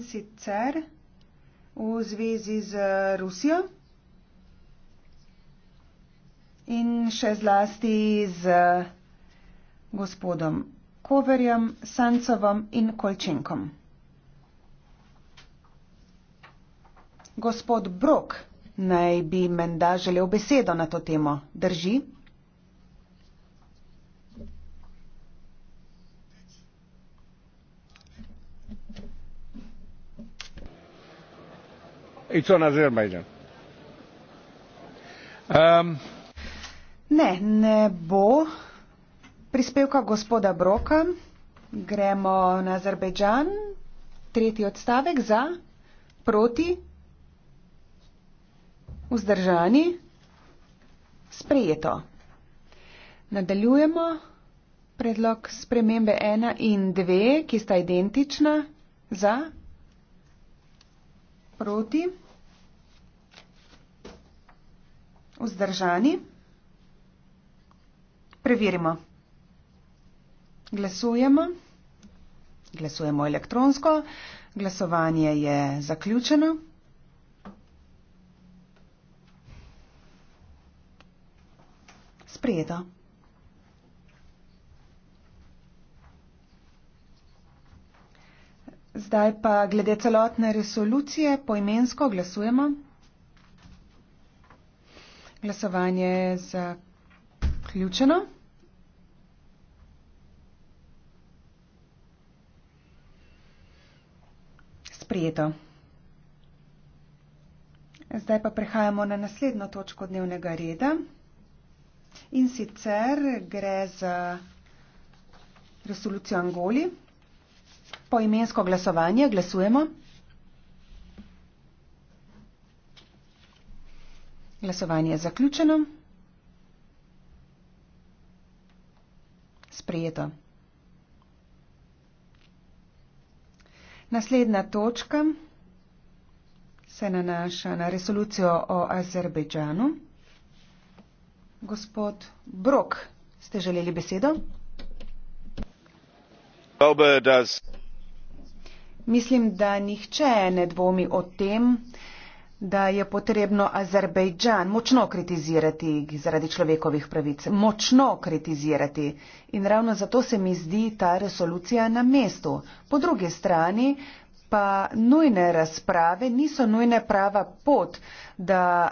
sicer v zvezi z Rusijo in še zlasti z gospodom Koverjem, Sancovom in Kolčenkom. Gospod Brok naj bi menda želel besedo na to temo. Drži? Um, ne ne bo prispevka gospoda Broka. Gremo na Azerbejdžan. Tretji odstavek za, proti, vzdržani, sprejeto. Nadaljujemo predlog spremembe 1 in 2, ki sta identična za, proti. vzdržani. Preverimo. Glasujemo. Glasujemo elektronsko. Glasovanje je zaključeno. Sprejeto. Zdaj pa glede celotne resolucije poimensko glasujemo. Glasovanje je zaključeno. Sprijeto. Zdaj pa prehajamo na naslednjo točko dnevnega reda in sicer gre za resolucijo Angoli. Po imensko glasovanje glasujemo. Glasovanje je zaključeno. Sprejeto. Naslednja točka se nanaša na resolucijo o Azerbejdžanu. Gospod Brok, ste želeli besedo? Mislim, da nihče ne dvomi o tem, da je potrebno Azerbejdžan močno kritizirati zaradi človekovih pravic, močno kritizirati. In ravno zato se mi zdi ta resolucija na mestu. Po drugi strani pa nujne razprave niso nujne prava pot, da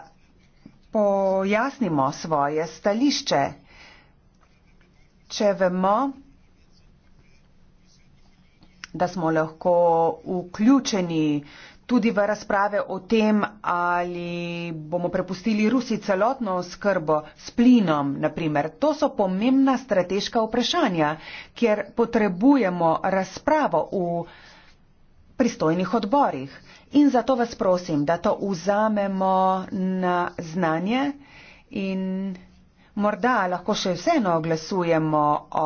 pojasnimo svoje stališče. Če vemo, da smo lahko vključeni, tudi v razprave o tem, ali bomo prepustili Rusi celotno skrbo s plinom, naprimer. To so pomembna strateška vprašanja, kjer potrebujemo razpravo v pristojnih odborih. In zato vas prosim, da to vzamemo na znanje in Morda lahko še vseeno oglasujemo o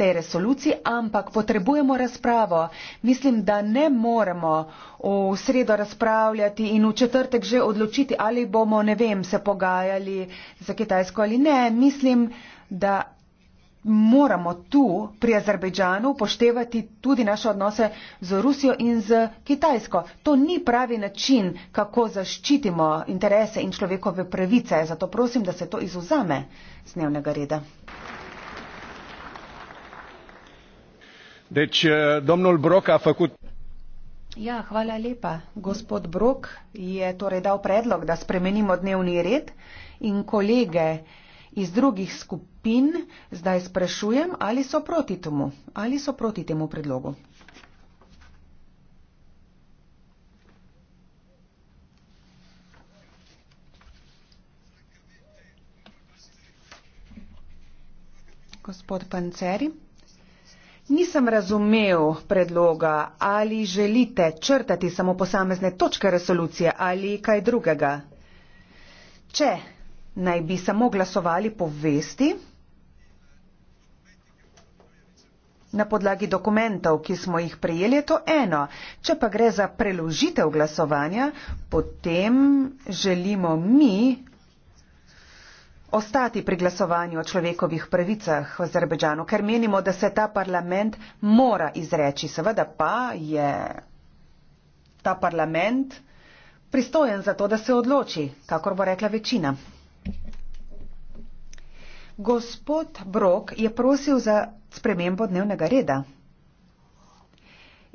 tej resoluciji, ampak potrebujemo razpravo. Mislim, da ne moremo v sredo razpravljati in v četrtek že odločiti, ali bomo, ne vem, se pogajali za Kitajsko ali ne. Mislim, da moramo tu pri Azerbejdžanu upoštevati tudi naše odnose z Rusijo in z Kitajsko. To ni pravi način, kako zaščitimo interese in človekove pravice. Zato prosim, da se to izuzame z dnevnega reda. Deč, eh, ja, hvala lepa. Gospod Brok je torej dal predlog, da spremenimo dnevni red in kolege iz drugih skupin zdaj sprašujem, ali so proti temu, ali so proti temu predlogu. Gospod Panceri. Nisem razumel predloga, ali želite črtati samo posamezne točke resolucije ali kaj drugega. Če naj bi samo glasovali po vesti na podlagi dokumentov, ki smo jih prejeli, je to eno. Če pa gre za preložitev glasovanja, potem želimo mi ostati pri glasovanju o človekovih pravicah v Azerbejdžanu, ker menimo, da se ta parlament mora izreči. Seveda pa je ta parlament pristojen za to, da se odloči, kakor bo rekla večina. Gospod Brok je prosil za spremembo dnevnega reda.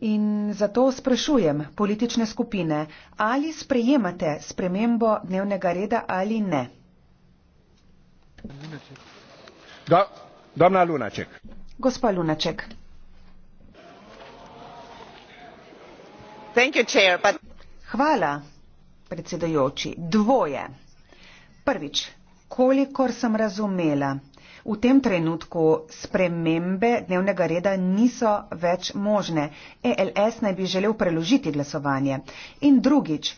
In zato sprašujem politične skupine, ali sprejemate spremembo dnevnega reda ali ne. Da, Lunaček. Gospa Lunaček. You, chair, but... Hvala, predsedajoči. Dvoje. Prvič, kolikor sem razumela, v tem trenutku spremembe dnevnega reda niso več možne. ELS naj bi želel preložiti glasovanje. In drugič,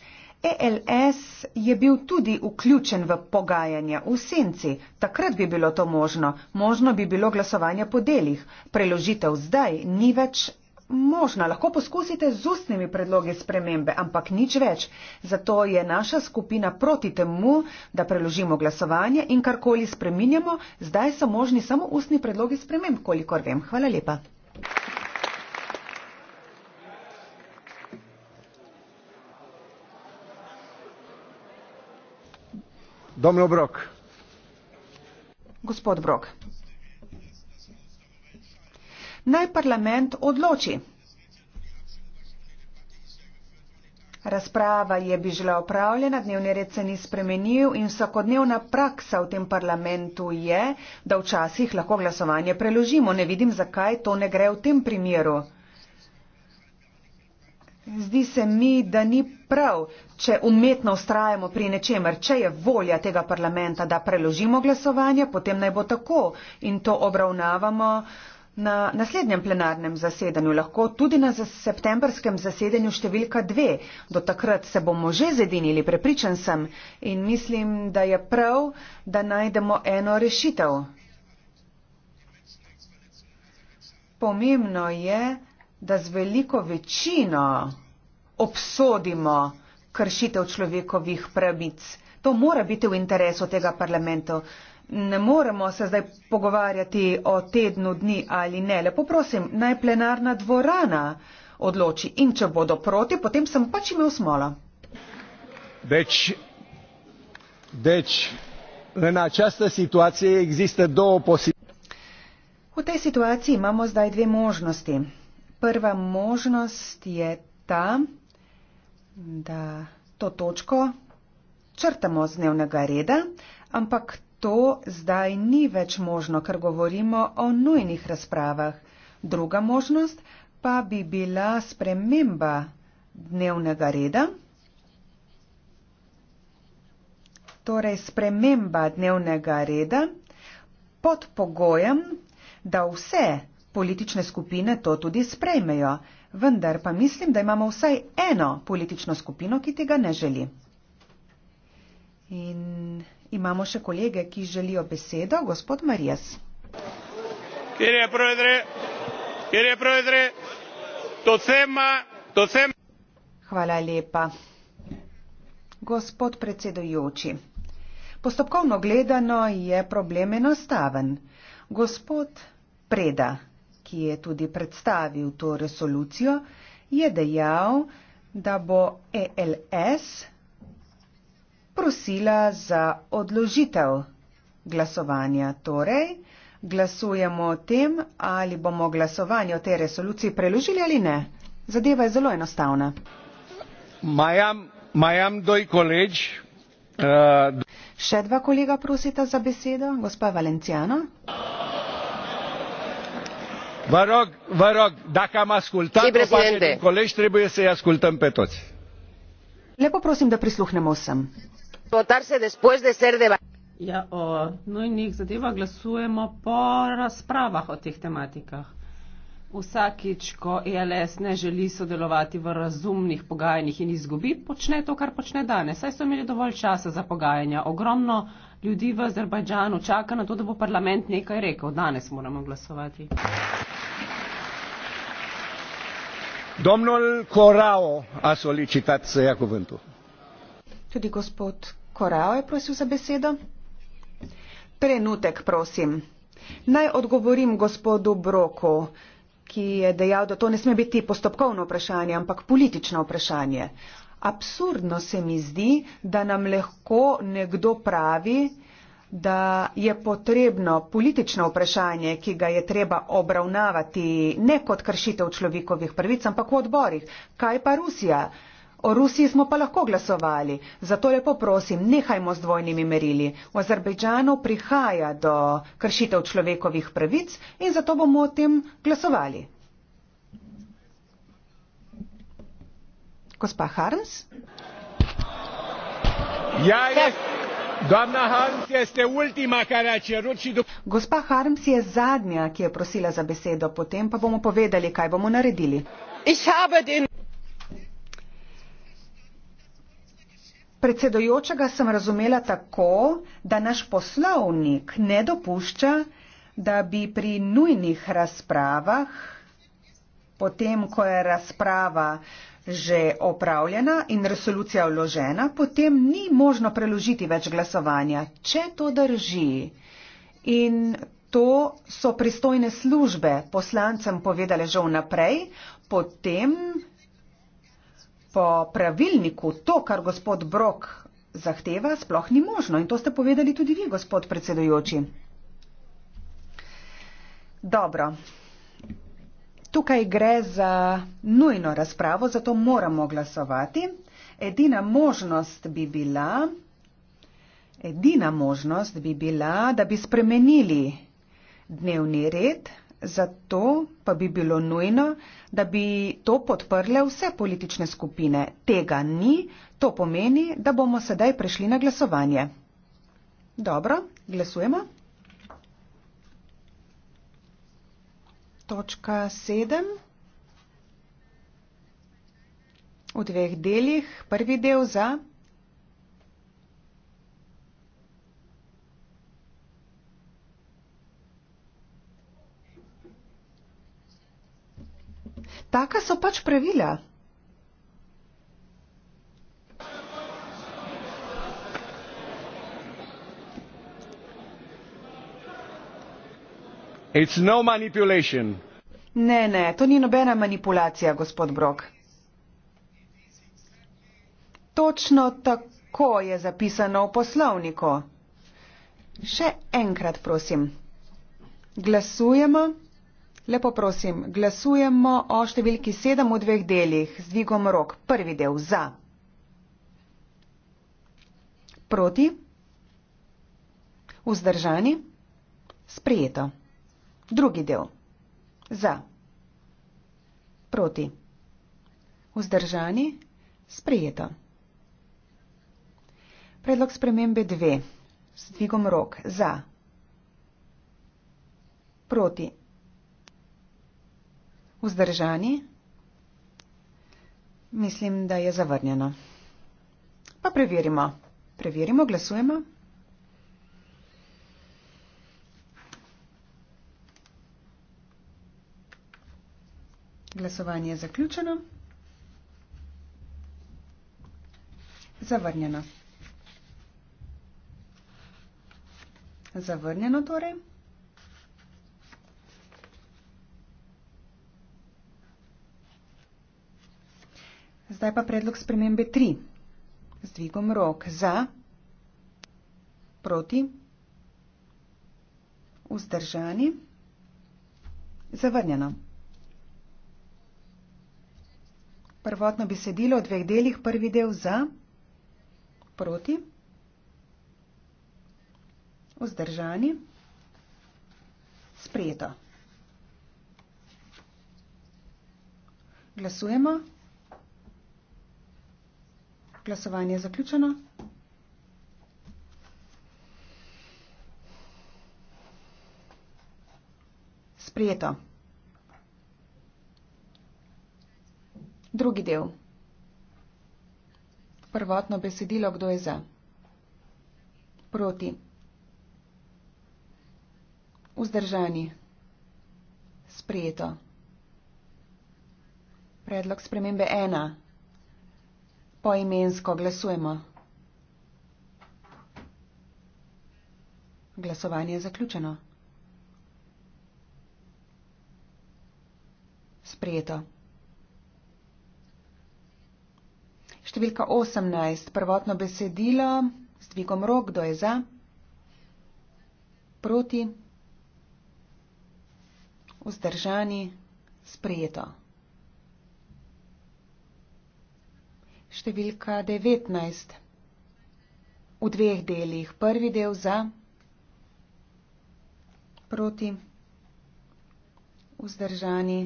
ELS je bil tudi vključen v pogajanja v senci. Takrat bi bilo to možno. Možno bi bilo glasovanje po delih. Preložitev zdaj ni več možna, lahko poskusite z ustnimi predlogi spremembe, ampak nič več. Zato je naša skupina proti temu, da preložimo glasovanje in karkoli spreminjamo, zdaj so možni samo ustni predlogi sprememb, kolikor vem. Hvala lepa. Gospod Brok. Naj parlament odloči. Razprava je bi žela opravljena, dnevni red se ni spremenil in vsakodnevna praksa v tem parlamentu je, da včasih lahko glasovanje preložimo. Ne vidim, zakaj to ne gre v tem primeru. Zdi se mi, da ni prav, če umetno ustrajamo pri nečemer, če je volja tega parlamenta, da preložimo glasovanje, potem naj bo tako in to obravnavamo. Na naslednjem plenarnem zasedanju lahko tudi na septembrskem zasedanju številka dve. Do takrat se bomo že zedinili, prepričan sem in mislim, da je prav, da najdemo eno rešitev. Pomembno je, da z veliko večino obsodimo kršitev človekovih pravic. To mora biti v interesu tega parlamentu ne moremo se zdaj pogovarjati o tednu dni ali ne. Lepo prosim, naj plenarna dvorana odloči in če bodo proti, potem sem pač imel smola. Deci, deci, in aceste situacije existe dve posibilnosti. V tej situaciji imamo zdaj dve možnosti. Prva možnost je ta, da to točko črtamo z dnevnega reda, ampak To zdaj ni več možno, ker govorimo o nujnih razpravah. Druga možnost pa bi bila sprememba dnevnega reda. Torej, sprememba dnevnega reda pod pogojem, da vse politične skupine to tudi sprejmejo. Vendar pa mislim, da imamo vsaj eno politično skupino, ki tega ne želi. In Imamo še kolege, ki želijo besedo. Gospod Marijas. Kjer je provedre? Kjer je provedre? To sema, to sema. Hvala lepa. Gospod predsedujoči. Postopkovno gledano je problem enostaven. Gospod Preda, ki je tudi predstavil to resolucijo, je dejal, da bo ELS prosila za odložitev glasovanja. Torej, glasujemo o tem, ali bomo glasovanje o tej resoluciji preložili ali ne. Zadeva je zelo enostavna. Majam, majam doj koleč. Uh, Še dva kolega prosita za besedo, gospa Valenciano. Vă rog, vă rog, dacă am ascultat sí, o colegi, trebuie să-i ascultăm pe toți. Le poprosim de prisluhnem o să votarse después de ser debatido. Ja, o nujnih zadevah glasujemo po razpravah o teh tematikah. Vsakič, ko ELS ne želi sodelovati v razumnih pogajanjih in izgubi, počne to, kar počne danes. Saj so imeli dovolj časa za pogajanja. Ogromno ljudi v Azerbajdžanu čaka na to, da bo parlament nekaj rekel. Danes moramo glasovati. Domnul Korao, a solicitat se je kuventu. Tudi gospod Korao je prosil za besedo. Trenutek, prosim. Naj odgovorim gospodu Broku, ki je dejal, da to ne sme biti postopkovno vprašanje, ampak politično vprašanje. Absurdno se mi zdi, da nam lahko nekdo pravi, da je potrebno politično vprašanje, ki ga je treba obravnavati ne kot kršitev človekovih prvic, ampak v odborih. Kaj pa Rusija? O Rusiji smo pa lahko glasovali, zato lepo prosim, nehajmo z dvojnimi merili. V Azerbejdžanu prihaja do kršitev človekovih pravic in zato bomo o tem glasovali. Gospa Harms? Ja, Harms je ultima, do... Gospa Harms je zadnja, ki je prosila za besedo, potem pa bomo povedali, kaj bomo naredili. Ich habe den... Predsedujočega sem razumela tako, da naš poslovnik ne dopušča, da bi pri nujnih razpravah, potem ko je razprava že opravljena in resolucija vložena, potem ni možno preložiti več glasovanja, če to drži. In to so pristojne službe poslancem povedale že vnaprej, potem po pravilniku to, kar gospod Brok zahteva, sploh ni možno. In to ste povedali tudi vi, gospod predsedujoči. Dobro. Tukaj gre za nujno razpravo, zato moramo glasovati. Edina možnost bi bila, edina možnost bi bila da bi spremenili dnevni red Zato pa bi bilo nujno, da bi to podprle vse politične skupine. Tega ni, to pomeni, da bomo sedaj prešli na glasovanje. Dobro, glasujemo. Točka sedem. V dveh delih prvi del za Taka so pač pravila. It's no manipulation. Ne, ne, to ni nobena manipulacija, gospod Brok. Točno tako je zapisano v poslovniku. Še enkrat, prosim. Glasujemo. Lepo prosim, glasujemo o številki 7 v dveh delih z dvigom rok. Prvi del za. Proti. Vzdržani. Sprijeto. Drugi del. Za. Proti. Vzdržani. Sprijeto. Predlog spremembe 2 z dvigom rok. Za. Proti. Vzdržani? Mislim, da je zavrnjeno. Pa preverimo. Preverimo, glasujemo. Glasovanje je zaključeno. Zavrnjeno. Zavrnjeno torej. Zdaj pa predlog spremembe 3. Z dvigom rok za, proti, vzdržani, zavrnjeno. Prvotno besedilo v dveh delih, prvi del za, proti, vzdržani, sprejeto. Glasujemo. Glasovanje je zaključeno. Sprijeto. Drugi del. Prvotno besedilo, kdo je za. Proti. Vzdržani. Sprijeto. Predlog spremembe ena poimensko glasujemo. Glasovanje je zaključeno. Sprejeto. Številka 18. Prvotno besedilo s dvigom rok, kdo je za, proti, vzdržani, sprejeto. številka 19. V dveh delih. Prvi del za, proti, vzdržani,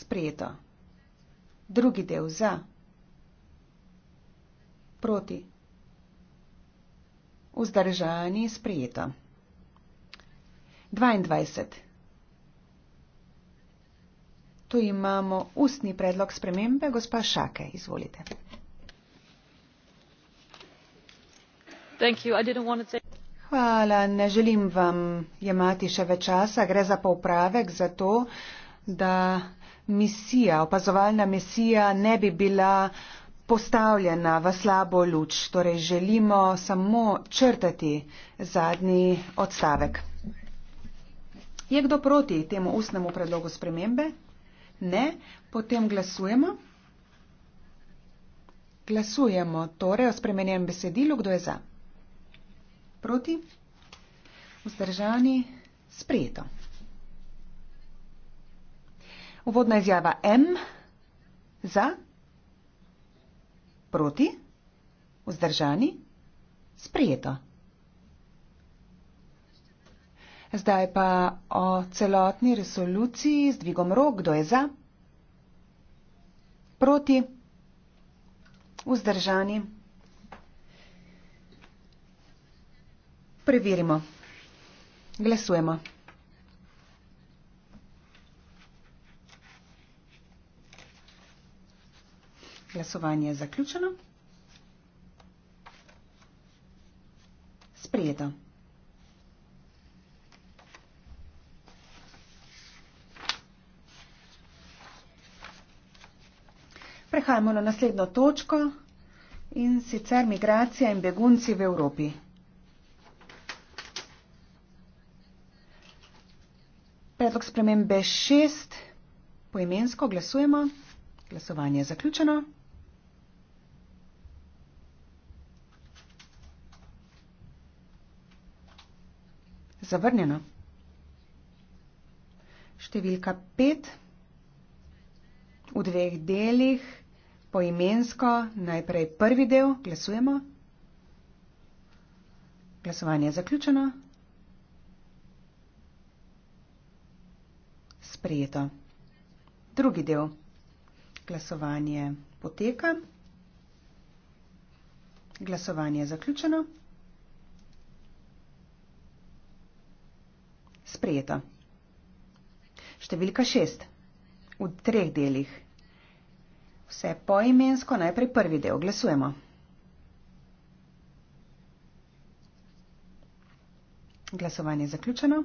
sprejeto. Drugi del za, proti, vzdržani, sprejeto. 22. Tu imamo ustni predlog spremembe. Gospa Šake, izvolite. Hvala, ne želim vam jemati še več časa. Gre za popravek za to, da misija, opazovalna misija ne bi bila postavljena v slabo luč. Torej želimo samo črtati zadnji odstavek. Je kdo proti temu ustnemu predlogu spremembe? ne, potem glasujemo. Glasujemo torej o spremenjenem besedilu, kdo je za. Proti? Vzdržani? Sprijeto. Uvodna izjava M. Za? Proti? Vzdržani? Sprijeto. Zdaj pa o celotni resoluciji z dvigom rok. Kdo je za? Proti? Vzdržani? Preverimo. Glasujemo. Glasovanje je zaključeno. Sprijeto. Prehajamo na naslednjo točko in sicer migracija in begunci v Evropi. Predlog spremembe 6. Poimensko glasujemo. Glasovanje je zaključeno. Zavrnjeno. Številka 5. V dveh delih poimensko najprej prvi del, glasujemo. Glasovanje je zaključeno. Sprejeto. Drugi del. Glasovanje poteka. Glasovanje je zaključeno. Sprejeto. Številka šest. V treh delih. Vse poimensko, najprej prvi del, glasujemo. Glasovanje je zaključeno.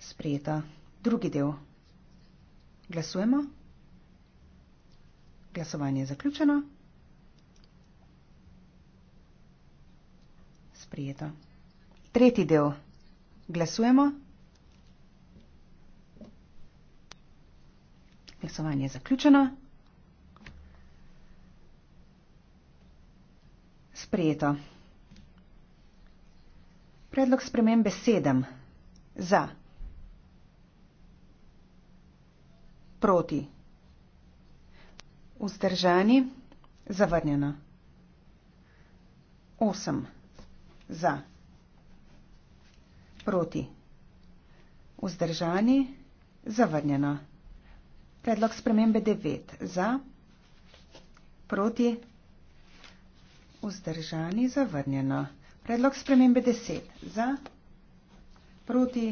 Sprijeta drugi del. Glasujemo. Glasovanje je zaključeno. Sprijeta tretji del. Glasujemo. Glasovanje je zaključeno. Sprejeto. Predlog spremembe 7. Za. Proti. Vzdržani. Zavrnjeno. 8. Za. Proti. Vzdržani. Zavrnjeno. Predlog spremembe 9. Za, proti, vzdržani, zavrnjeno. Predlog spremembe 10. Za, proti,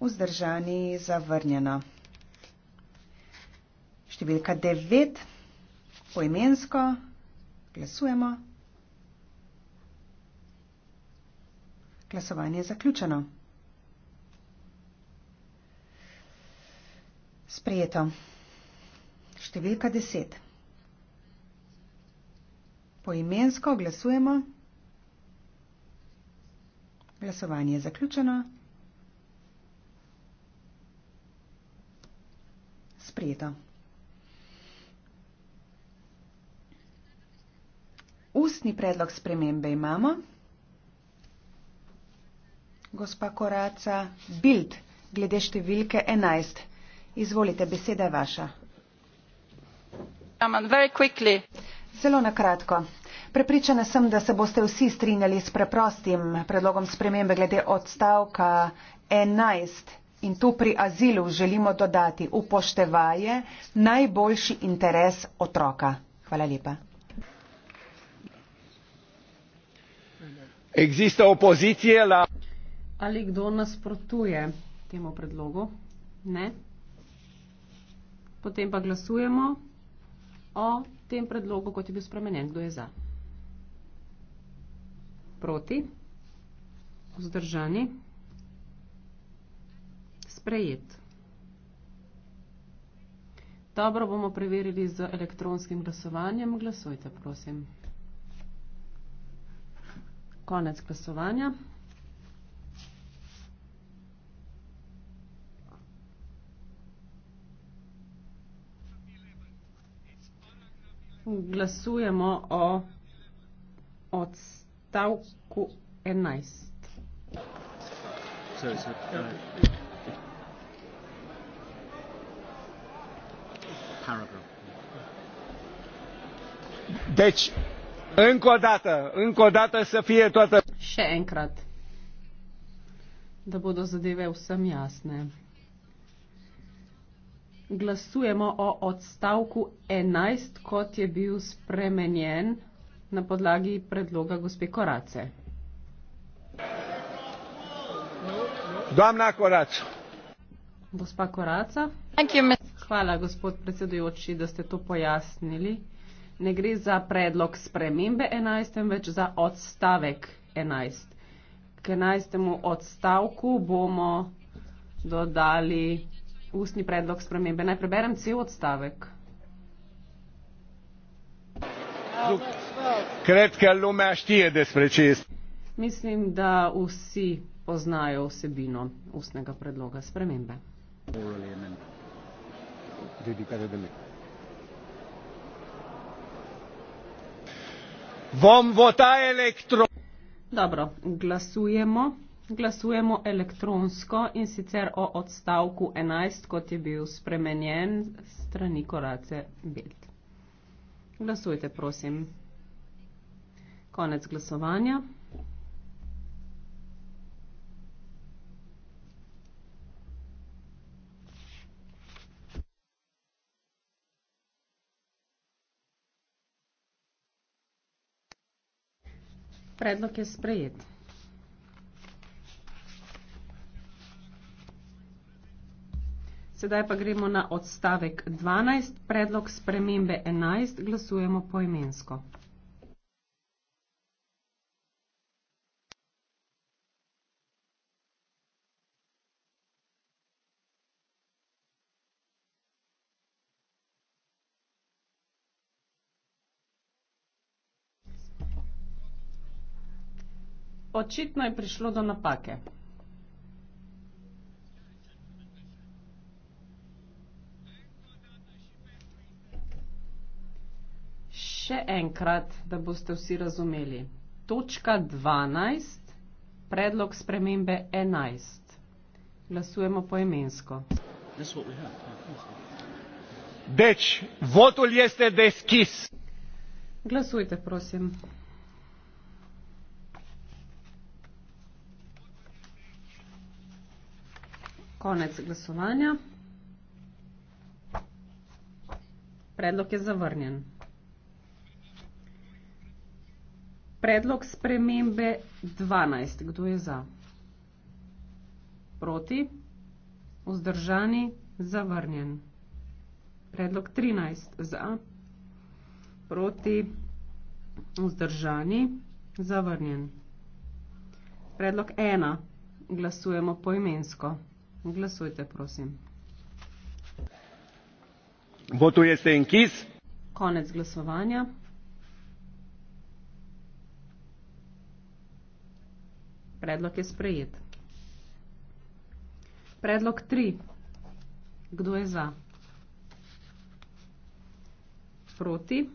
vzdržani, zavrnjeno. Številka 9. Poimensko glasujemo. Glasovanje je zaključeno. Sprejeto. Številka 10. Poimensko glasujemo. Glasovanje je zaključeno. Sprejeto. Ustni predlog spremembe imamo. Gospa Koraca, bild glede številke 11. Zelo na kratko. Prepričana sem, da se boste vsi strinjali s preprostim predlogom spremembe glede odstavka 11 in tu pri azilu želimo dodati upoštevaje najboljši interes otroka. Hvala lepa. Ali kdo nasprotuje temu predlogu? Ne. Potem pa glasujemo o tem predlogu, kot je bil spremenjen. Kdo je za? Proti? Vzdržani? Sprejet. Dobro bomo preverili z elektronskim glasovanjem. Glasujte, prosim. Konec glasovanja. glasujemo o odstavku 11. Deci, încă o dată, încă o dată să fie toată... Še enkrat, da bodo zadeve vsem jasne glasujemo o odstavku 11, kot je bil spremenjen na podlagi predloga gospe Korace. Dvamna Korac. Gospa Koraca. Hvala, gospod predsedujoči, da ste to pojasnili. Ne gre za predlog spremembe 11, več za odstavek 11. K 11. odstavku bomo dodali ustni predlog spremembe. Naj preberem cel odstavek. Mislim, da vsi poznajo vsebino ustnega predloga spremembe. Dobro, glasujemo glasujemo elektronsko in sicer o odstavku 11, kot je bil spremenjen strani korace Bild. Glasujte, prosim. Konec glasovanja. Predlog je sprejet. Sedaj pa gremo na odstavek 12, predlog spremembe 11, glasujemo poimensko. Očitno je prišlo do napake. enkrat, da boste vsi razumeli. Točka 12, predlog spremembe 11. Glasujemo poemensko. Deč, votul jeste deskis. Glasujte, prosim. Konec glasovanja. Predlog je zavrnjen. Predlog spremembe 12. Kdo je za? Proti? Vzdržani? Zavrnjen. Predlog 13. Za? Proti? Vzdržani? Zavrnjen. Predlog 1. Glasujemo poimensko. Glasujte, prosim. Votuje se in kis. Konec glasovanja. Predlog je sprejet. Predlog 3. Kdo je za? Proti?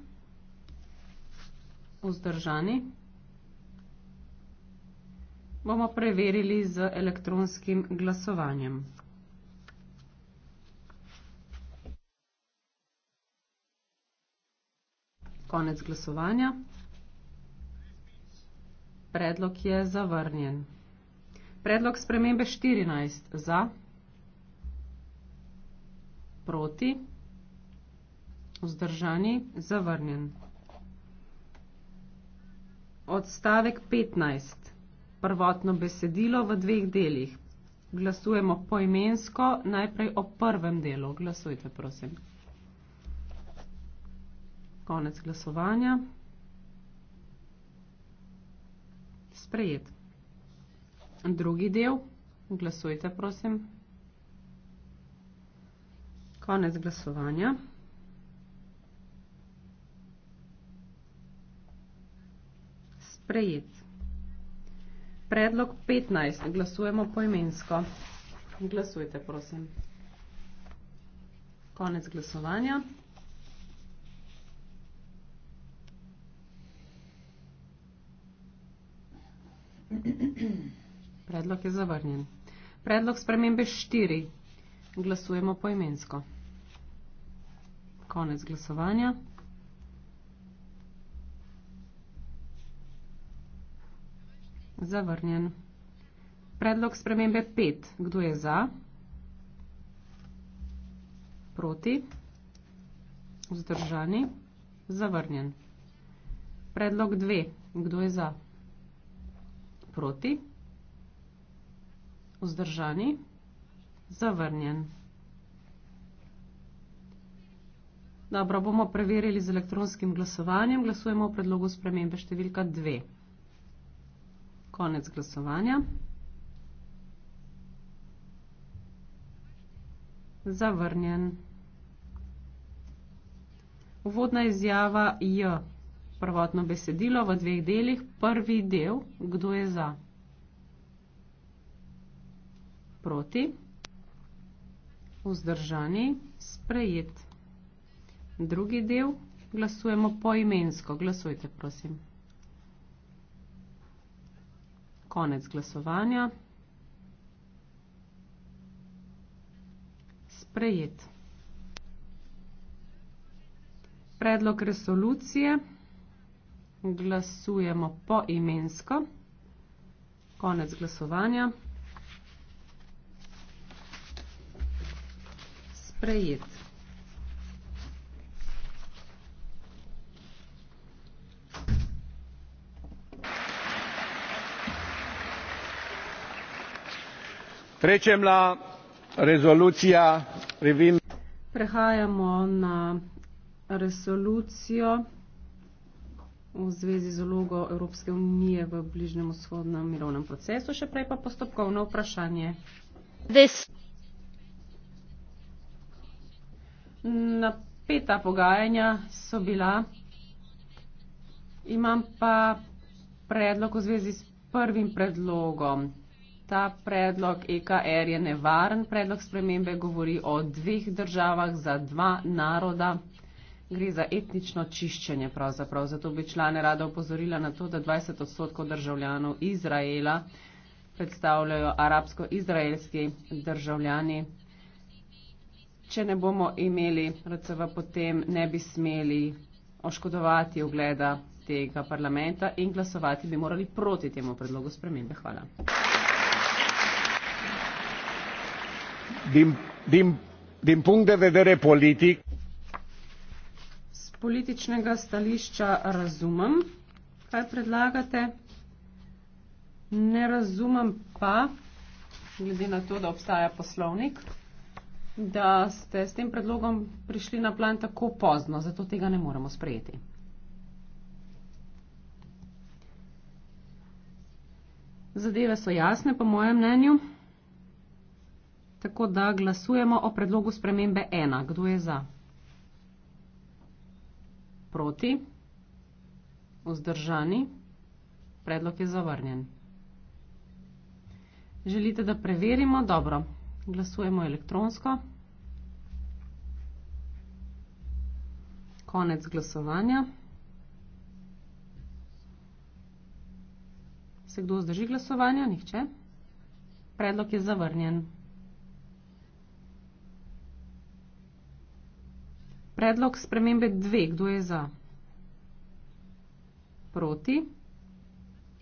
Vzdržani? Bomo preverili z elektronskim glasovanjem. Konec glasovanja. Predlog je zavrnjen. Predlog spremembe 14 za, proti, vzdržani, zavrnjen. Odstavek 15. Prvotno besedilo v dveh delih. Glasujemo poimensko, najprej o prvem delu. Glasujte, prosim. Konec glasovanja. sprejet. Drugi del, glasujte prosim. Konec glasovanja. Sprejet. Predlog 15, glasujemo poimensko. Glasujte prosim. Konec glasovanja. Predlog je zavrnjen. Predlog spremembe štiri. Glasujemo poimensko. Konec glasovanja. Zavrnjen. Predlog spremembe pet. Kdo je za? Proti? Vzdržani? Zavrnjen. Predlog dve. Kdo je za? Proti? proti, vzdržani, zavrnjen. Dobro, bomo preverili z elektronskim glasovanjem. Glasujemo o predlogu spremembe številka 2. Konec glasovanja. Zavrnjen. Uvodna izjava J prvotno besedilo v dveh delih. Prvi del, kdo je za? Proti. Vzdržani. Sprejet. Drugi del. Glasujemo poimensko. Glasujte, prosim. Konec glasovanja. Sprejet. Predlog resolucije glasujemo po imensko. Konec glasovanja. Sprejet. Prečemla rezolucija revim. Prehajamo na resolucijo v zvezi z vlogo Evropske unije v bližnjem vzhodnem mirovnem procesu, še prej pa postopkovno vprašanje. This. Napeta pogajanja so bila. Imam pa predlog v zvezi s prvim predlogom. Ta predlog EKR je nevaren. Predlog spremembe govori o dveh državah za dva naroda gre za etnično čiščenje pravzaprav. Zato bi člane rada upozorila na to, da 20 odstotkov državljanov Izraela predstavljajo arabsko-izraelski državljani. Če ne bomo imeli RCV, potem ne bi smeli oškodovati ogleda tega parlamenta in glasovati bi morali proti temu predlogu spremembe. Hvala. Din, din, din punct de vedere politic političnega stališča razumem, kaj predlagate. Ne razumem pa, glede na to, da obstaja poslovnik, da ste s tem predlogom prišli na plan tako pozno, zato tega ne moremo sprejeti. Zadeve so jasne, po mojem mnenju. Tako da glasujemo o predlogu spremembe 1. Kdo je za? proti, vzdržani. Predlog je zavrnjen. Želite, da preverimo? Dobro. Glasujemo elektronsko. Konec glasovanja. Se kdo zdrži glasovanja? Nihče. Predlog je zavrnjen. Predlog spremembe dve. Kdo je za? Proti?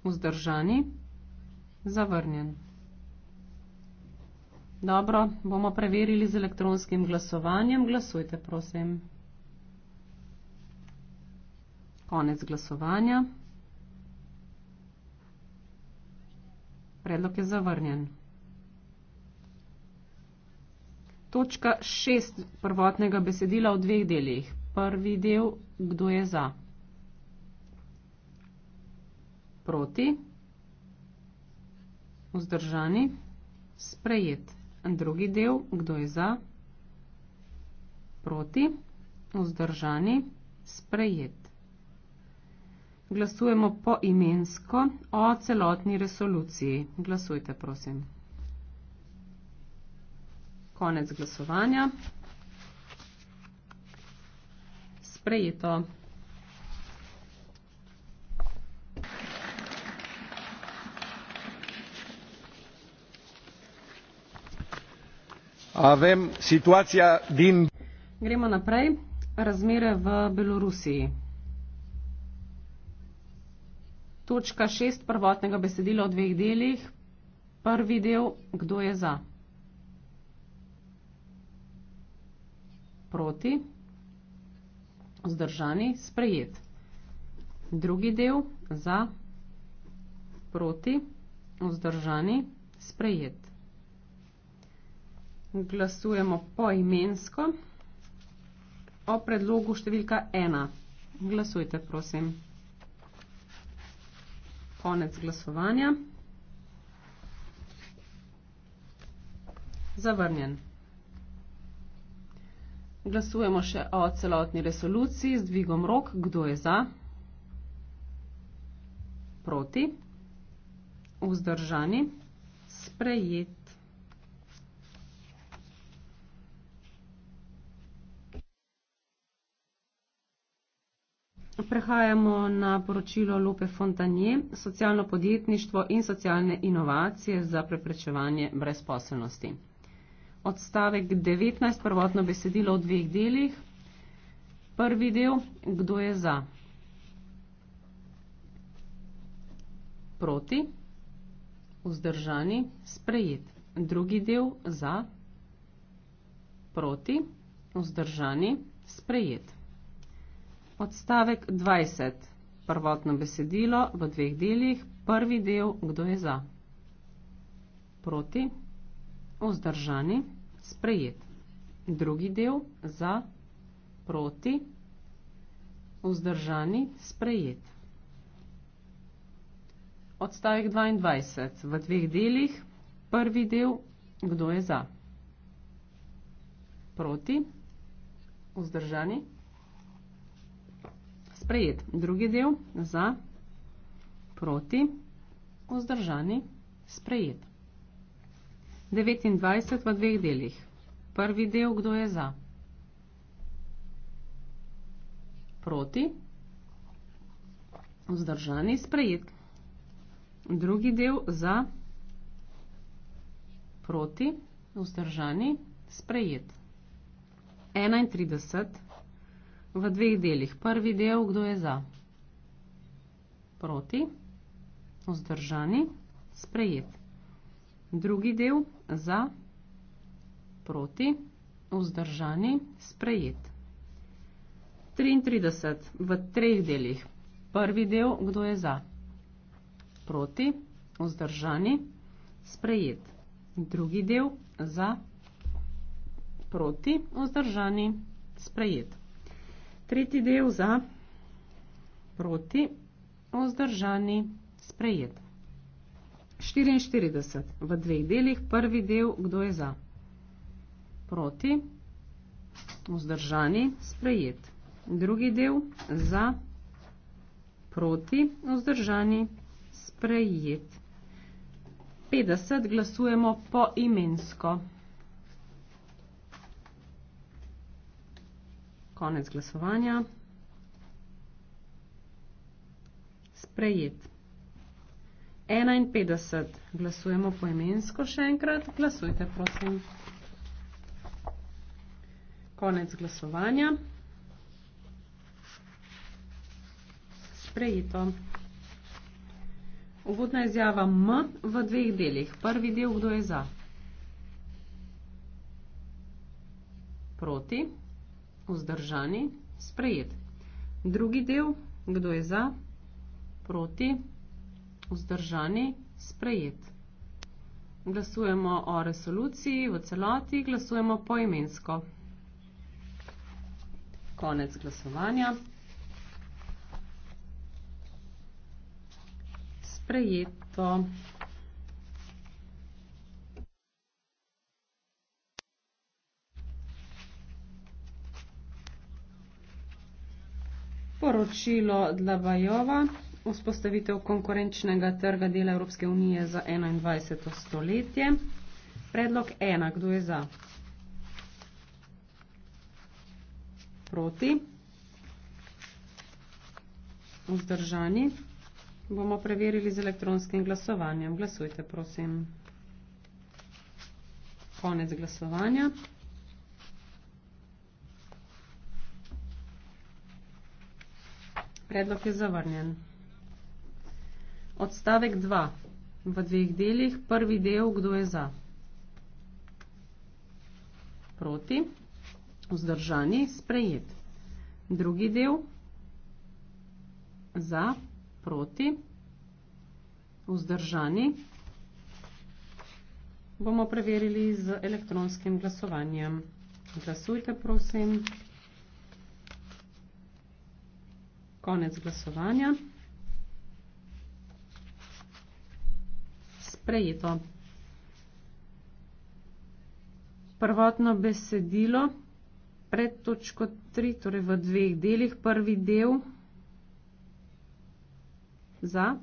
Vzdržani? Zavrnjen. Dobro, bomo preverili z elektronskim glasovanjem. Glasujte, prosim. Konec glasovanja. Predlog je zavrnjen. Točka šest prvotnega besedila v dveh delih. Prvi del, kdo je za? Proti? Vzdržani? Sprejet. Drugi del, kdo je za? Proti? Vzdržani? Sprejet. Glasujemo po imensko o celotni resoluciji. Glasujte, prosim konec glasovanja. Sprejeto. Vem, situacija din. Gremo naprej. Razmere v Belorusiji. Točka šest prvotnega besedila o dveh delih. Prvi del, kdo je za? proti, vzdržani, sprejet. Drugi del, za, proti, vzdržani, sprejet. Glasujemo poimensko o predlogu številka 1. Glasujte, prosim. Konec glasovanja. Zavrnjen. Glasujemo še o celotni resoluciji z dvigom rok. Kdo je za? Proti? Vzdržani? Sprejet. Prehajamo na poročilo Lupe Fontanje, socialno podjetništvo in socialne inovacije za preprečevanje brezposelnosti odstavek 19, prvotno besedilo v dveh delih. Prvi del, kdo je za? Proti, vzdržani, sprejet. Drugi del, za, proti, vzdržani, sprejet. Odstavek 20, prvotno besedilo v dveh delih. Prvi del, kdo je za? Proti, vzdržani, sprejet sprejet. Drugi del za proti, vzdržani, sprejet. Odstavek 22 v dveh delih. Prvi del, kdo je za? Proti, vzdržani, sprejet. Drugi del za proti, vzdržani, sprejet. 29 v dveh delih. Prvi del, kdo je za? Proti? Vzdržani sprejet. Drugi del za? Proti? Vzdržani sprejet. 31 v dveh delih. Prvi del, kdo je za? Proti? Vzdržani sprejet. Drugi del za? za, proti, vzdržani, sprejet. 33 v treh delih. Prvi del, kdo je za, proti, vzdržani, sprejet. Drugi del, za, proti, vzdržani, sprejet. Tretji del, za, proti, vzdržani, sprejet. 44 v dveh delih. Prvi del, kdo je za? Proti, vzdržani, sprejet. Drugi del, za, proti, vzdržani, sprejet. 50 glasujemo po imensko. Konec glasovanja. Sprejet. 51. Glasujemo poimensko še enkrat. Glasujte, prosim. Konec glasovanja. Sprejito. Uvodna izjava M v dveh delih. Prvi del, kdo je za? Proti. Vzdržani. Sprejet. Drugi del, kdo je za? Proti. Proti vzdržani, sprejet. Glasujemo o resoluciji v celoti, glasujemo poimensko. Konec glasovanja. Sprejeto. Poročilo Dlabajova vzpostavitev konkurenčnega trga dela Evropske unije za 21. stoletje. Predlog ena, kdo je za? Proti. Vzdržani. Bomo preverili z elektronskim glasovanjem. Glasujte, prosim. Konec glasovanja. Predlog je zavrnjen. Odstavek 2 v dveh delih. Prvi del, kdo je za? Proti. Vzdržani. Sprejet. Drugi del. Za. Proti. Vzdržani. Bomo preverili z elektronskim glasovanjem. Glasujte, prosim. Konec glasovanja. sprejeto. Prvotno besedilo pred točko 3, torej v dveh delih, prvi del za,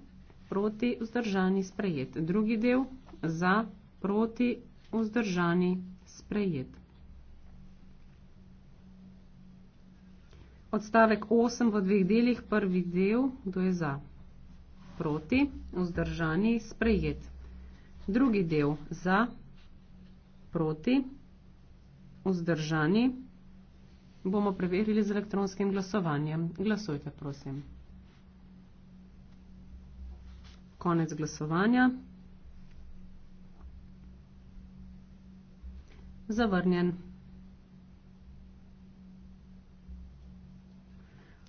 proti, vzdržani, sprejet, drugi del za, proti, vzdržani, sprejet. Odstavek 8 v dveh delih, prvi del, kdo je za, proti, vzdržani, sprejet drugi del za, proti, vzdržani, bomo preverili z elektronskim glasovanjem. Glasujte, prosim. Konec glasovanja. Zavrnjen.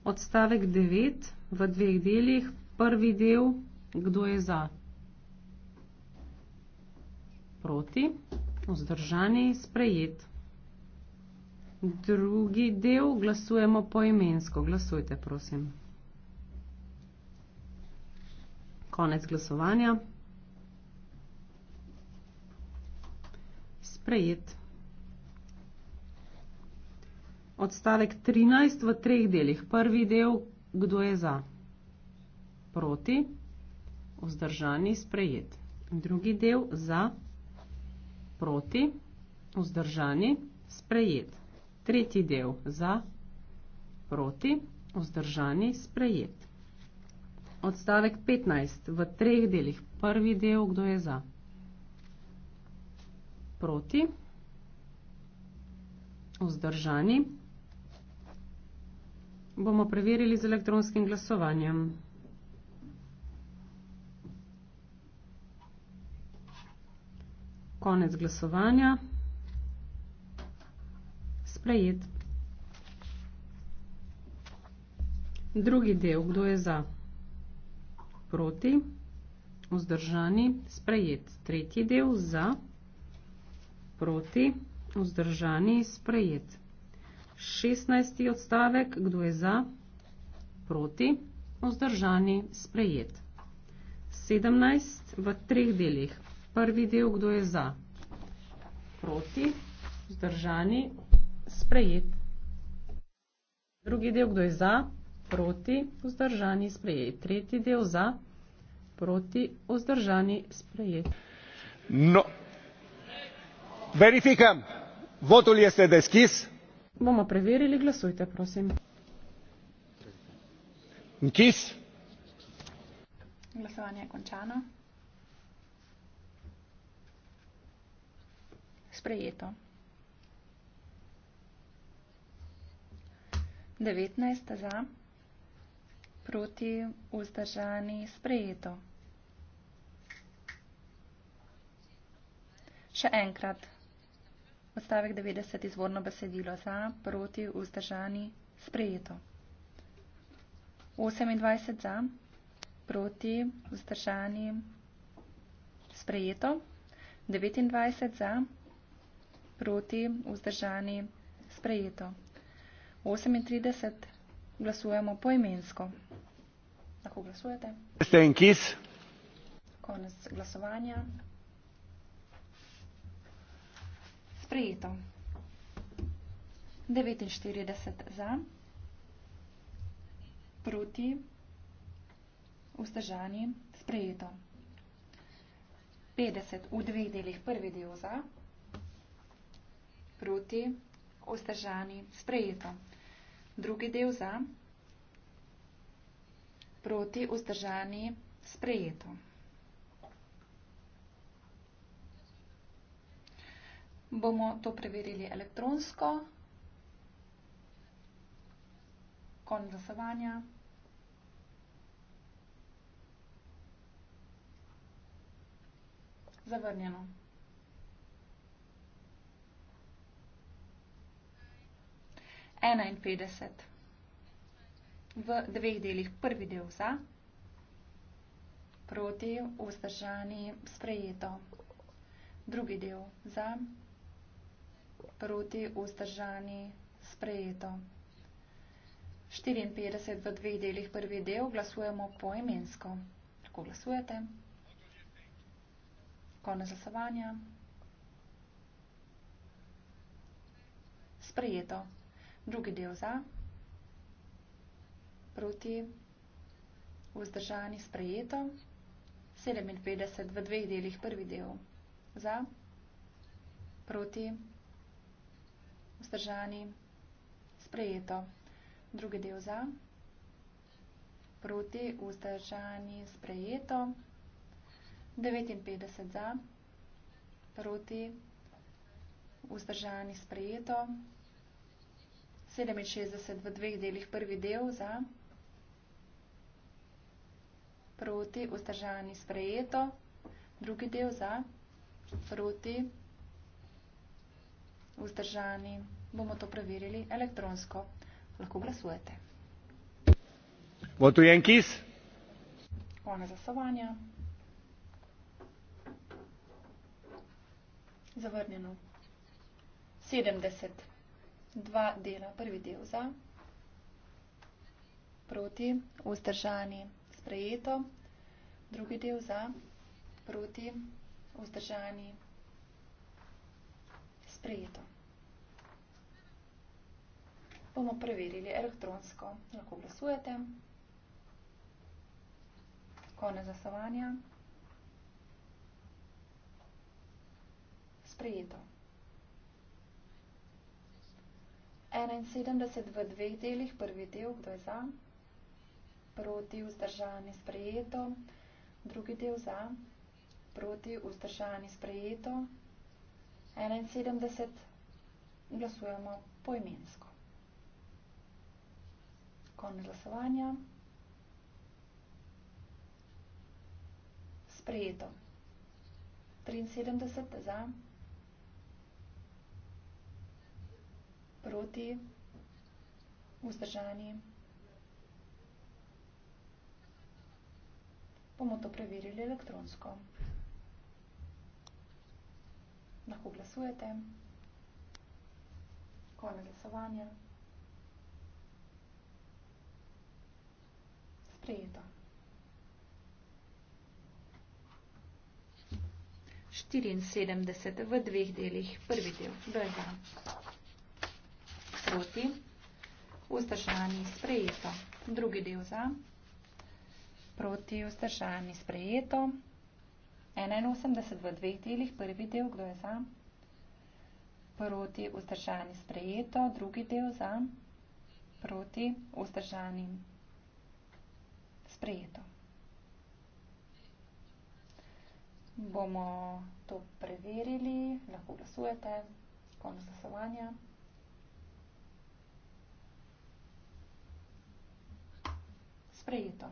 Odstavek 9 v dveh delih. Prvi del, kdo je za? proti, vzdržani, sprejet. Drugi del glasujemo poimensko. Glasujte, prosim. Konec glasovanja. Sprejet. Odstavek 13 v treh delih. Prvi del, kdo je za? Proti, vzdržani, sprejet. Drugi del za proti, vzdržani, sprejet. Tretji del za, proti, vzdržani, sprejet. Odstavek 15 v treh delih. Prvi del, kdo je za? Proti, vzdržani. Bomo preverili z elektronskim glasovanjem. konec glasovanja. Sprejet. Drugi del, kdo je za? Proti. Vzdržani. Sprejet. Tretji del, za. Proti. Vzdržani. Sprejet. 16. odstavek, kdo je za? Proti. Vzdržani. Sprejet. 17. v treh delih prvi del, kdo je za, proti, vzdržani, sprejet. Drugi del, kdo je za, proti, vzdržani, sprejet. Tretji del za, proti, vzdržani, sprejet. No, verifikam, votul je sedaj skis. Bomo preverili, glasujte, prosim. Kis. Glasovanje je končano. sprejeto. 19 za, proti, vzdržani, sprejeto. Še enkrat, odstavek 90, izvorno besedilo za, proti, vzdržani, sprejeto. 28 za, proti, vzdržani, sprejeto. 29 za, proti, vzdržani, sprejeto. 38 glasujemo poimensko. Lahko glasujete. Ste in kis? Konec glasovanja. Sprejeto. 49 za, proti, vzdržani, sprejeto. 50 v dveh delih, prvi del za, proti, ostržani, sprejeto. Drugi del za, proti, ostržani, sprejeto. Bomo to preverili elektronsko, kon glasovanja. Zavrnjeno. 51 v dveh delih. Prvi del za, proti, vzdržani, sprejeto. Drugi del za, proti, vzdržani, sprejeto. 54 v dveh delih prvi del glasujemo poimensko. Tako glasujete. Konec glasovanja. Sprejeto drugi del za, proti, vzdržani, sprejeto, 57 v dveh delih, prvi del za, proti, vzdržani, sprejeto, drugi del za, proti, vzdržani, sprejeto, 59 za, proti, vzdržani, sprejeto, 59 za, proti, vzdržani, sprejeto, 67 v dveh delih prvi del za proti vzdržani sprejeto, drugi del za proti vzdržani. Bomo to preverili elektronsko. Lahko glasujete. Votujem kis. Ona zasovanja. Zavrnjeno. 70 dva dela. Prvi del za, proti, vzdržani, sprejeto. Drugi del za, proti, vzdržani, sprejeto. Bomo preverili elektronsko. Lahko glasujete. Kone zasovanja. Sprejeto. Sprejeto. 71 v dveh delih, prvi del, kdo je za, proti vzdržani sprejeto, drugi del za, proti vzdržani sprejeto, 71 glasujemo poimensko. Konec glasovanja. Sprejeto. 73 za. sproti, vzdržani. Bomo to preverili elektronsko. Lahko glasujete. Konec glasovanja. Sprejeto. 74 v dveh delih. Prvi del. Dojga proti, vzdržani sprejeto. Drugi del za, proti, vzdržani sprejeto. 81 v dveh delih, prvi del, kdo je za, proti, vzdržani sprejeto. Drugi del za, proti, vzdržani sprejeto. Bomo to preverili, lahko glasujete, konec glasovanja. sprejeto.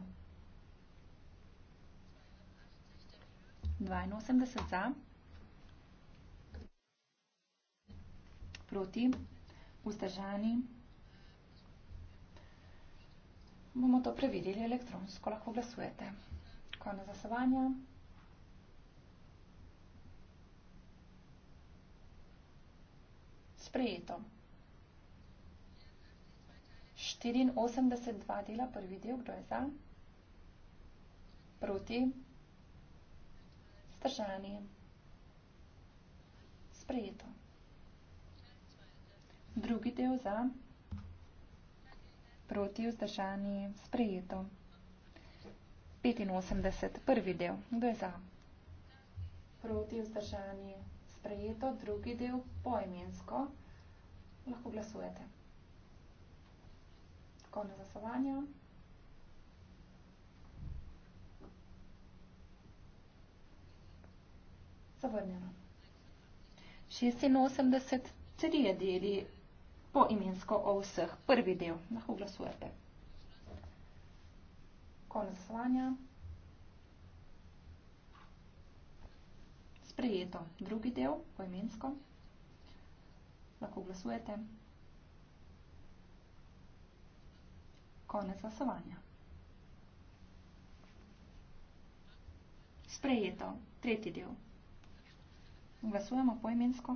82 za, proti, vzdržani. Bomo to preverili elektronsko, lahko glasujete. Konec zasovanja. Sprejeto. 84, dva dela, prvi del, kdo je za, proti, stržani, sprejeto. Drugi del za, proti, vzdržani, sprejeto. 85, prvi del, kdo je za, proti, vzdržani, sprejeto, drugi del, poimensko, lahko glasujete. Konec glasovanja. Zavrnjeno. 86, trije deli po imensko o vseh. Prvi del, lahko glasujete. Konec glasovanja. Sprejeto, drugi del po imensko. Lahko glasujete. Konec glasovanja. Sprejeto. Tretji del. Glasujemo poimensko.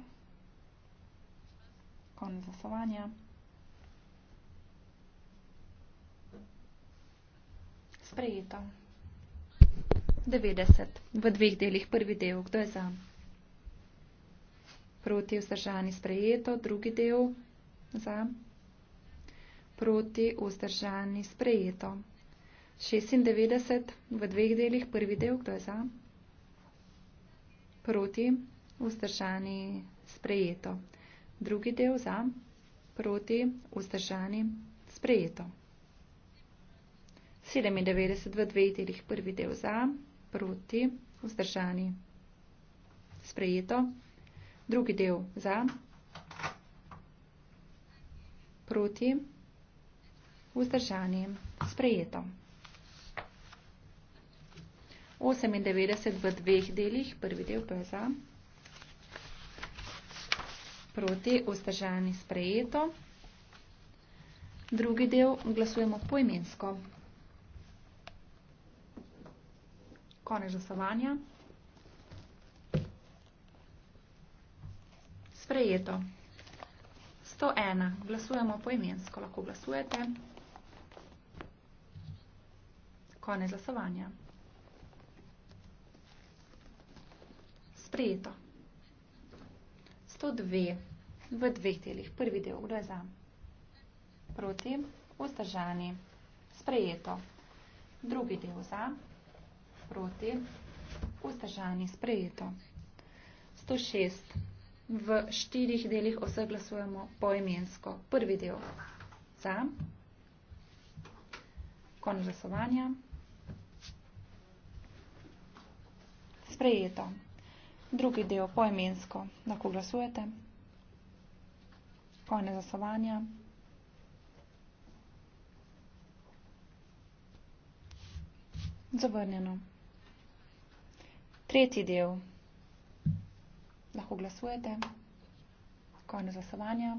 Konec glasovanja. Sprejeto. 90. V dveh delih. Prvi del. Kdo je za? Proti vzdržani sprejeto. Drugi del. Za proti vzdržani sprejeto. 96 v dveh delih, prvi del, kdo je za? Proti vzdržani sprejeto. Drugi del za? Proti vzdržani sprejeto. 97 v dveh delih, prvi del za? Proti vzdržani sprejeto. Drugi del za? Proti vzdržani sprejeto vzdržani. Sprejeto. 98 v dveh delih, prvi del pa je za. Proti, vzdržani, sprejeto. Drugi del glasujemo poimensko. Konec glasovanja. Sprejeto. 101. Glasujemo poimensko. Lahko glasujete. Konec glasovanja. Sprejeto. 102 v dveh delih. Prvi del, kdo je za? Proti, vzdržani. Sprejeto. Drugi del za, proti, vzdržani. Sprejeto. 106. V štirih delih vse glasujemo poimensko. Prvi del za, konec glasovanja. sprejeto. Drugi del poemensko. Lahko glasujete. Konec glasovanja. Zavrnjeno. Tretji del. Lahko glasujete. Konec glasovanja.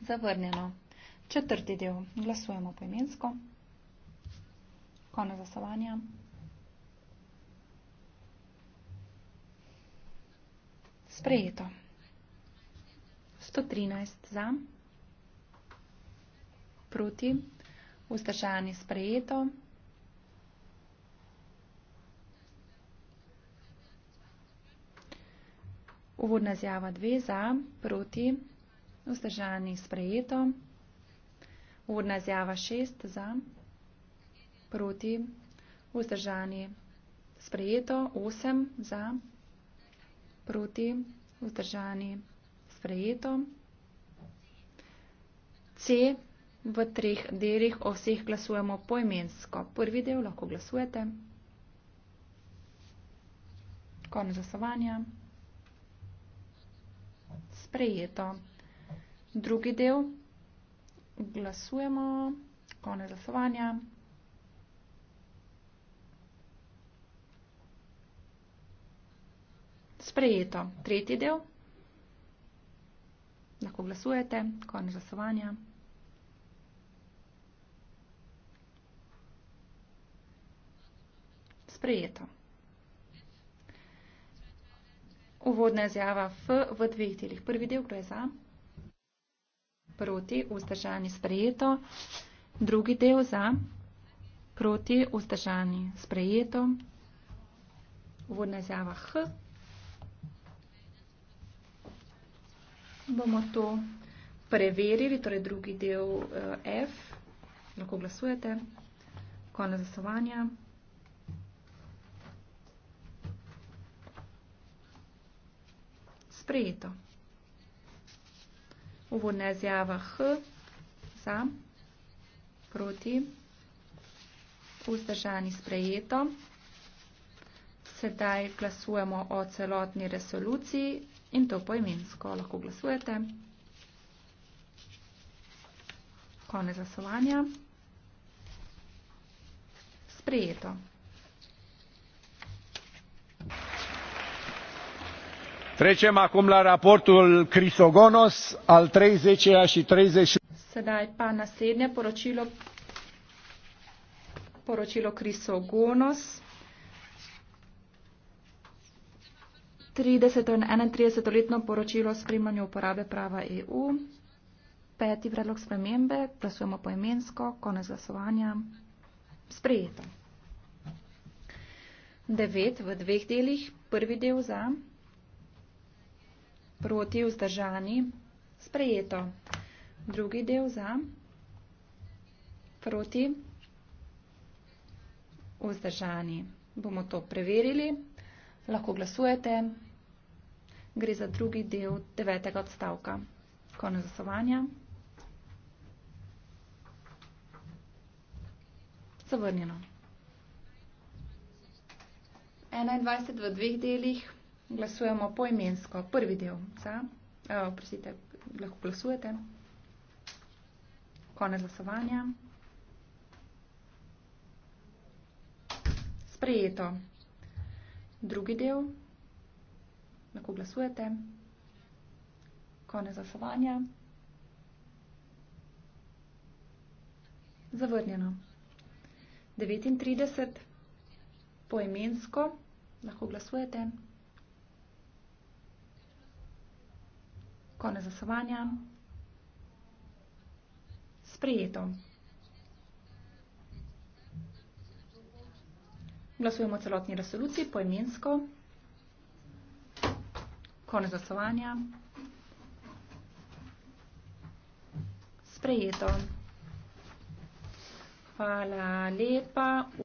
Zavrnjeno. Četrti del. Glasujemo poemensko. imensko. Konec glasovanja. Sprejeto. 113 za, proti, vzdržani sprejeto. Uvodna zjava 2 za, proti, vzdržani sprejeto. Uvodna zjava 6 za, proti. Proti. Vzdržani. Sprejeto. 8. Za. Proti. Vzdržani. Sprejeto. C. V treh delih o vseh glasujemo poimensko. Prvi del lahko glasujete. Konec glasovanja. Sprejeto. Drugi del glasujemo. Konec glasovanja. sprejeto. Tretji del. Lahko glasujete, konec glasovanja. Sprejeto. Uvodna izjava F v dveh delih. Prvi del, kdo je za? Proti, vzdržani, sprejeto. Drugi del za? Proti, vzdržani, sprejeto. Uvodna izjava H. bomo to preverili, torej drugi del eh, F. Lahko glasujete. Konec zasovanja. Sprejeto. Uvodna izjava H. Za. Proti. Vzdržani sprejeto. Sedaj glasujemo o celotni resoluciji in to poimensko lahko glasujete. Konec glasovanja. Sprejeto. Trečem akumla raportul Crisogonos al 30 și 30. Sedaj pa naslednje poročilo, poročilo Crisogonos. 30. in 31. letno poročilo o spremljanju uporabe prava EU. Peti predlog spremembe, glasujemo poimensko, konec glasovanja, sprejeto. Devet v dveh delih, prvi del za, proti vzdržani, sprejeto. Drugi del za, proti vzdržani. Bomo to preverili lahko glasujete. Gre za drugi del devetega odstavka. Konec zasovanja. Zavrnjeno. 21 v dveh delih glasujemo poimensko. Prvi del. Za. E, Prosite, lahko glasujete. Konec zasovanja. Sprejeto drugi del, lahko glasujete, konec glasovanja, zavrnjeno. 39, poemensko, lahko glasujete, konec glasovanja, sprejeto. Glasujemo o celotni resoluciji poimensko. Konec glasovanja. Sprejeto. Hvala lepa.